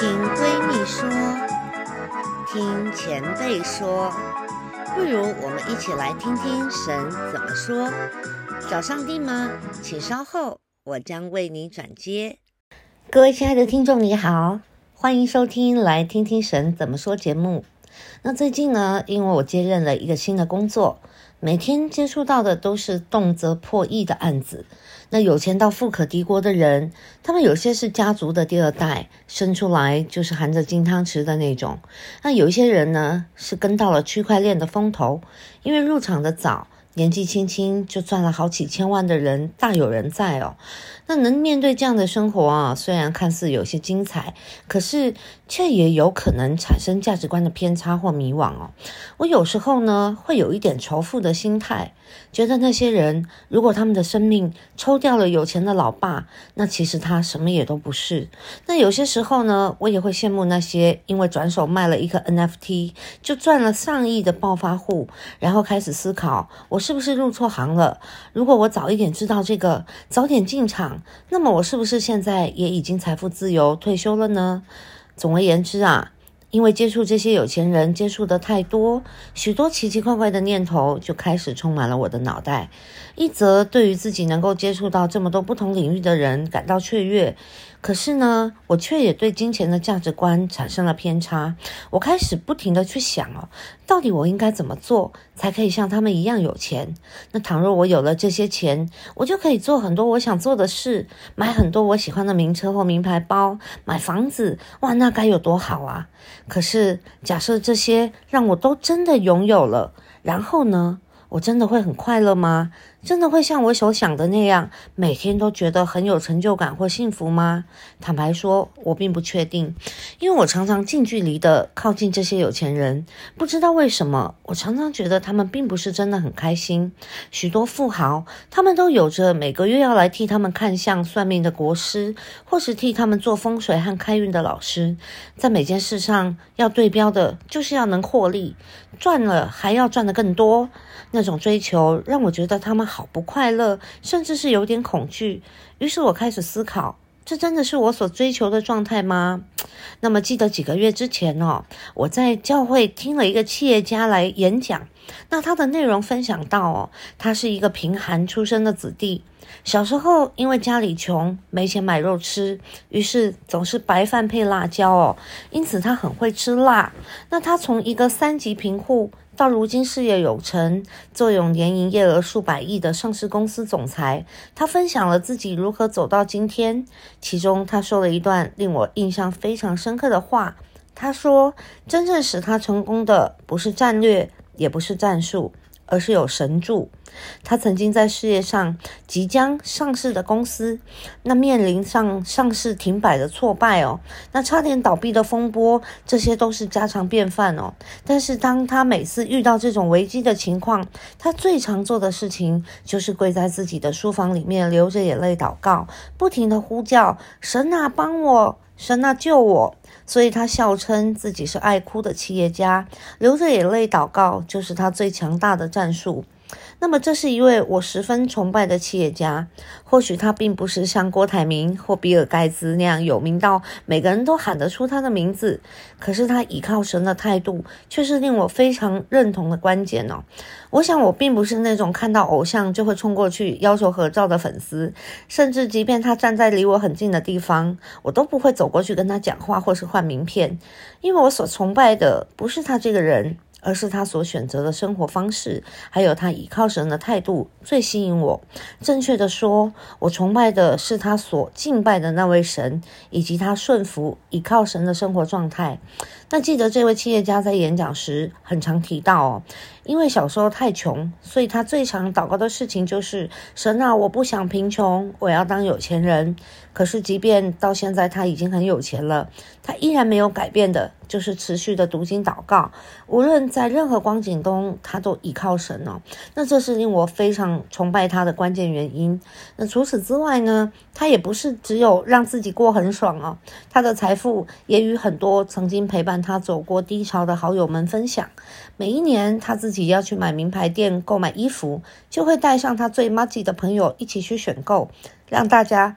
聽閨蜜說，聽前輩說，不如我們一起來聽聽神怎麼說。找上帝嗎？請稍後，我將為你轉接。各位親愛的聽眾，你好，歡迎收聽《來聽聽神怎麼說》節目。那最近呢，因為我接任了一個新的工作，每天接觸到的都是動輒破億的案子。那有錢到富可敵國的人，他們有些是家族的第二代，生出來就是含着金湯匙的那種；那有一些人呢，是跟到了區塊鏈的風投，因為入場的早。年紀輕輕就賺了好幾千萬的人大有人在哦，那能面對這樣的生活啊，雖然看似有些精彩，可是卻也有可能產生價值觀的偏差或迷惘哦。我有時候呢，會有一點仇富的心態。覺得那些人，如果他們的生命抽掉了有錢的老爸，那其實他什麼也都不是。那有些時候呢，我也會羨慕那些因為轉手賣了一顆 NFT 就賺了上億的暴發戶，然後開始思考，我是不是入錯行了？如果我早一點知道這個，早點進場，那麼我是不是現在也已經財富自由退休了呢？總而言之啊。因為接觸這些有錢人接觸得太多，許多奇奇怪怪的念頭就開始充滿了我的腦袋。一則對於自己能夠接觸到這麼多不同領域的人感到雀躍，可是呢，我卻也對金錢的價值觀產生了偏差。我開始不停地去想哦，到底我應該怎麼做才可以像他們一樣有錢？那倘若我有了這些錢，我就可以做很多我想做的事，買很多我喜歡的名車或名牌包，買房子，哇，那該有多好啊！可是，假設這些讓我都真的擁有了，然後呢？我真的會很快樂嗎？真的會像我所想的那樣，每天都覺得很有成就感或幸福嗎？坦白說，我並不確定，因為我常常近距離的靠近這些有錢人，不知道為什麼，我常常覺得他們並不是真的很開心。許多富豪，他們都有着每個月要來替他們看相算命的國師，或是替他們做風水和開運的老師，在每件事上要對標的就是要能獲利，賺了還要賺得更多，那種追求讓我覺得他們。好不快樂，甚至是有點恐懼。於是我開始思考：這真的是我所追求的狀態嗎？那麼記得幾個月之前哦，我在教會聽了一個企業家來演講。那他的內容分享到哦，他是一個貧寒出身的子弟，小時候因為家裡窮，沒錢買肉吃，於是總是白飯配辣椒哦，因此他很會吃辣。那他從一個三級貧戶。到如今事業有成，坐擁年營業額數百億的上市公司總裁，他分享了自己如何走到今天。其中他說了一段令我印象非常深刻的話，他說：“真正使他成功的，不是戰略，也不是戰術。”而是有神助。他曾經在事業上即將上市的公司，那面臨上上市停擺的挫敗哦，那差點倒閉的風波，這些都是家常便飯哦。但是當他每次遇到這種危機的情況，他最常做的事情就是跪在自己的書房裡面流着眼淚禱告，不停地呼叫，神啊幫我，神啊救我。所以他笑稱自己是愛哭的企業家，流着眼淚禱告，就是他最強大的戰術。那麼，這是一位我十分崇拜的企業家。或許他並不是像郭台銘或比爾蓋茨那樣有名到每個人都喊得出他的名字，可是他倚靠神的態度卻是令我非常認同的關鍵哦。哦我想，我並不是那種看到偶像就會衝過去要求合照的粉絲，甚至即便他站在離我很近的地方，我都不會走過去跟他講話或是換名片，因為我所崇拜的不是他這個人。而是他所選擇的生活方式，還有他倚靠神的態度最吸引我。正確的說，我崇拜的是他所敬拜的那位神，以及他順服、倚靠神的生活狀態。那記得這位企業家在演講時很常提到哦，因為小時候太窮，所以他最常禱告的事情就是神啊，我不想貧窮，我要當有錢人。可是即便到現在他已經很有錢了，他依然沒有改變的，就是持續的讀經禱告，無論在任何光景中，他都倚靠神哦。那這是令我非常崇拜他的關鍵原因。那除此之外呢，他也不是只有讓自己過很爽哦，他的財富也與很多曾經陪伴。他走過低潮的好友們分享，每一年他自己要去買名牌店購買衣服，就會帶上他最麻吉的朋友一起去選購，讓大家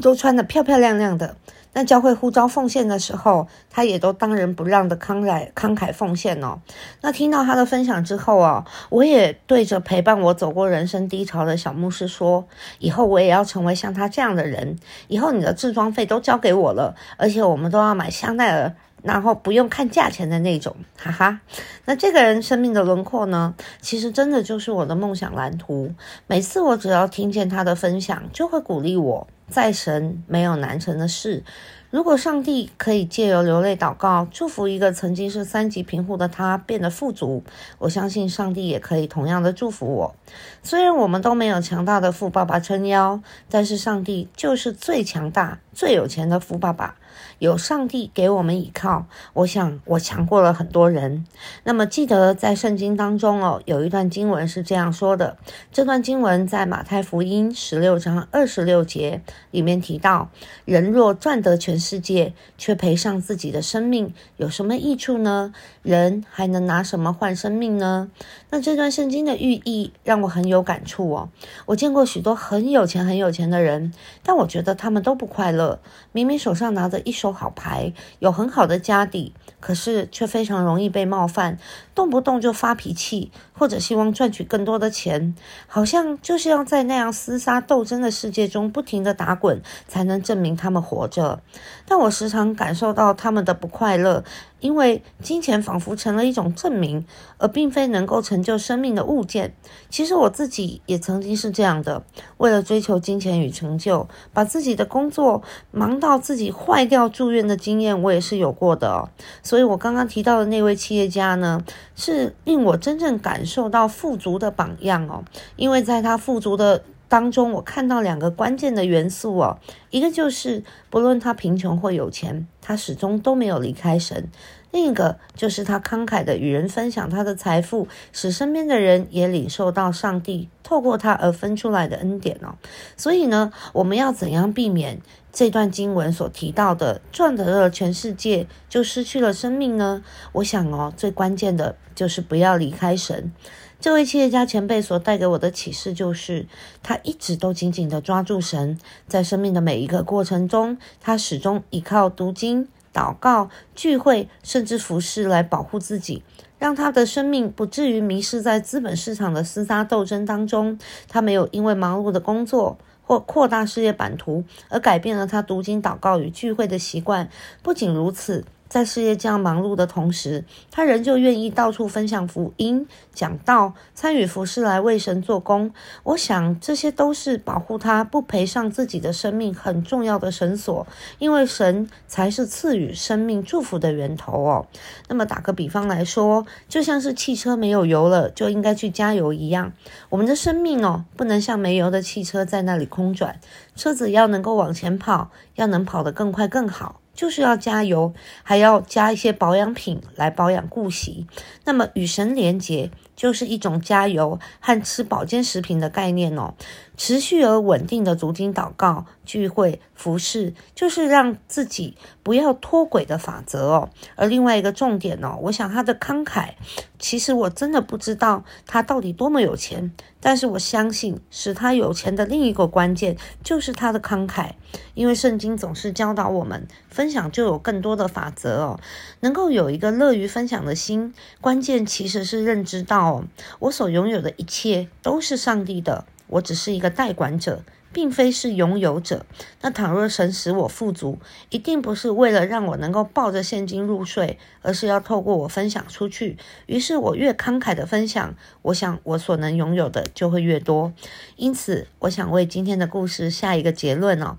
都穿得漂漂亮亮的。那教會呼召奉獻的時候，他也都當仁不讓的慷慨慷慨奉獻哦。那聽到他的分享之後啊，我也對着陪伴我走過人生低潮的小牧師說，以後我也要成為像他這樣的人。以後你的製裝費都交給我了，而且我們都要買香奈兒。然後不用看價錢的那種，哈哈。那這個人生命的輪廓呢？其實真的就是我的夢想藍圖。每次我只要聽見他的分享，就會鼓勵我。在神沒有難成的事，如果上帝可以借由流淚禱告祝福一個曾經是三級貧戶的他變得富足，我相信上帝也可以同樣的祝福我。雖然我們都沒有強大的富爸爸撐腰，但是上帝就是最強大、最有錢的富爸爸。有上帝給我們依靠，我想我強過了很多人。那麼，記得在聖經當中哦，有一段經文是這樣說的：這段經文在馬太福音十六章二十六節裡面提到，人若賺得全世界，卻賠上自己的生命，有什麼益處呢？人還能拿什麼換生命呢？那這段聖經的寓意讓我很有感觸哦。我見過許多很有錢、很有錢的人，但我覺得他們都不快樂，明明手上拿着。一手好牌，有很好的家底，可是卻非常容易被冒犯，動不動就發脾氣，或者希望賺取更多的錢，好像就是要在那樣廝殺鬥爭的世界中不停地打滾，才能證明他們活着。但我時常感受到他們的不快樂。因為金錢仿佛成了一種證明，而並非能夠成就生命的物件。其實我自己也曾經是這樣的，為了追求金錢與成就，把自己的工作忙到自己壞掉住院的經驗，我也是有過的哦。所以，我剛剛提到的那位企業家呢，是令我真正感受到富足的榜樣哦，因為在他富足的。當中，我看到兩個關鍵的元素哦，一個就是不論他貧窮或有錢，他始終都沒有離開神；另一個就是他慷慨地與人分享他的財富，使身邊的人也領受到上帝透過他而分出來的恩典哦。所以呢，我們要怎樣避免這段經文所提到的賺得了全世界就失去了生命呢？我想哦，最關鍵的就是不要離開神。這位企業家前輩所帶給我的啟示就是，他一直都緊緊地抓住神，在生命的每一個過程中，他始終依靠讀經、禱告、聚會，甚至服侍來保護自己，讓他的生命不至於迷失在資本市場的厮殺鬥爭當中。他沒有因為忙碌的工作或擴大事業版圖而改變了他讀經、禱告與聚會的習慣。不僅如此。在事業這樣忙碌的同時，他仍舊願意到處分享福音、講道、參與服事來為神做工。我想，這些都是保護他不賠上自己的生命很重要的繩索，因為神才是賜予生命祝福的源頭哦。那麼，打個比方來說，就像是汽車沒有油了就應該去加油一樣，我們的生命哦，不能像沒油的汽車在那裡空轉。車子要能夠往前跑，要能跑得更快更好。就是要加油，還要加一些保養品來保養顧惜。那麼與神連結，就是一種加油和吃保健食品的概念哦。持續而穩定的讀經禱告聚會服事，就是讓自己不要脫軌的法則哦。而另外一個重點哦，我想他的慷慨，其實我真的不知道他到底多麼有錢，但是我相信使他有錢的另一個關鍵就是他的慷慨，因為聖經總是教導我們分享就有更多的法則哦。能夠有一個樂於分享的心，關鍵其實是認知到。我所擁有的一切都是上帝的，我只是一個代管者，並非是擁有者。那倘若神使我富足，一定不是為了讓我能夠抱着現金入睡，而是要透過我分享出去。於是，我越慷慨的分享，我想我所能擁有的就會越多。因此，我想為今天的故事下一個結論哦。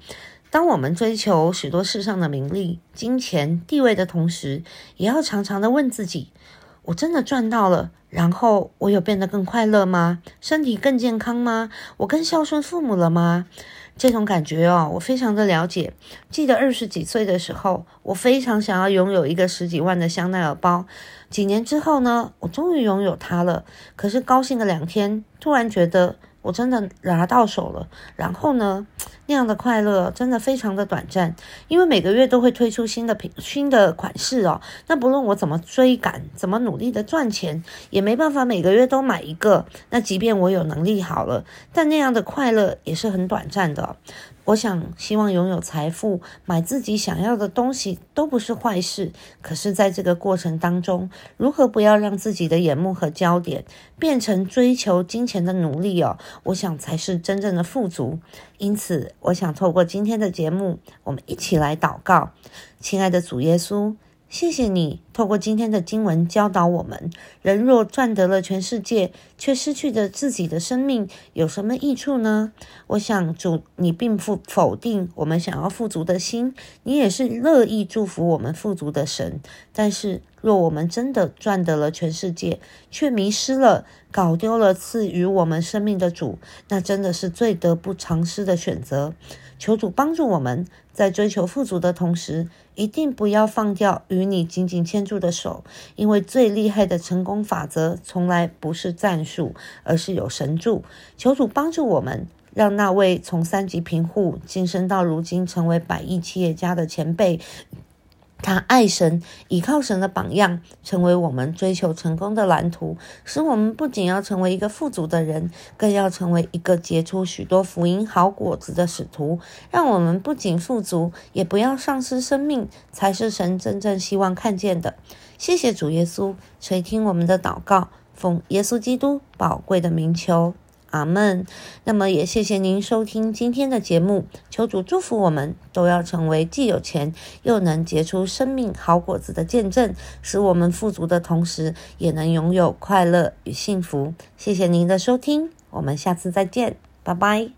當我們追求許多世上的名利、金錢、地位的同時，也要常常的問自己：我真的賺到了？然後我有變得更快樂嗎？身體更健康嗎？我更孝順父母了嗎？這種感覺哦，我非常的了解。記得二十幾歲的時候，我非常想要擁有一個十幾萬的香奈兒包。幾年之後呢，我終於擁有它了。可是高興了兩天，突然覺得我真的拿到手了。然後呢。那樣的快樂真的非常的短暫，因為每個月都會推出新的品新的款式哦。那不論我怎麼追趕，怎麼努力的賺錢，也沒辦法每個月都買一個。那即便我有能力好了，但那樣的快樂也是很短暫的哦。我想，希望擁有財富，買自己想要的東西都不是壞事。可是，在這個過程當中，如何不要讓自己的眼目和焦點變成追求金錢的奴隸哦。我想，才是真正的富足。因此，我想透過今天的節目，我們一起來禱告，親愛的主耶穌，謝謝你透過今天的經文教導我們：人若賺得了全世界，却失去了自己的生命，有什麼益處呢？我想主，你並不否定我們想要富足的心，你也是樂意祝福我們富足的神，但是。若我們真的賺得了全世界，却迷失了、搞丟了賜予我們生命的主，那真的是最得不償失的選擇。求主幫助我們在追求富足的同時，一定不要放掉與你緊緊牽住的手，因為最厲害的成功法則從來不是戰術，而是有神助。求主幫助我們，讓那位從三級貧戶晉升到如今成為百億企業家的前輩。他愛神，依靠神的榜樣，成為我們追求成功的藍圖，使我們不僅要成為一個富足的人，更要成為一個結出許多福音好果子的使徒。讓我們不僅富足，也不要喪失生命，才是神真正希望看見的。謝謝主耶穌，垂聽我們的禱告，奉耶穌基督寶貴的名求。阿門。那麼也謝謝您收聽今天的節目，求主祝福我們都要成為既有錢又能結出生命好果子的見證，使我們富足的同時也能擁有快樂與幸福。謝謝您的收聽，我們下次再見，拜拜。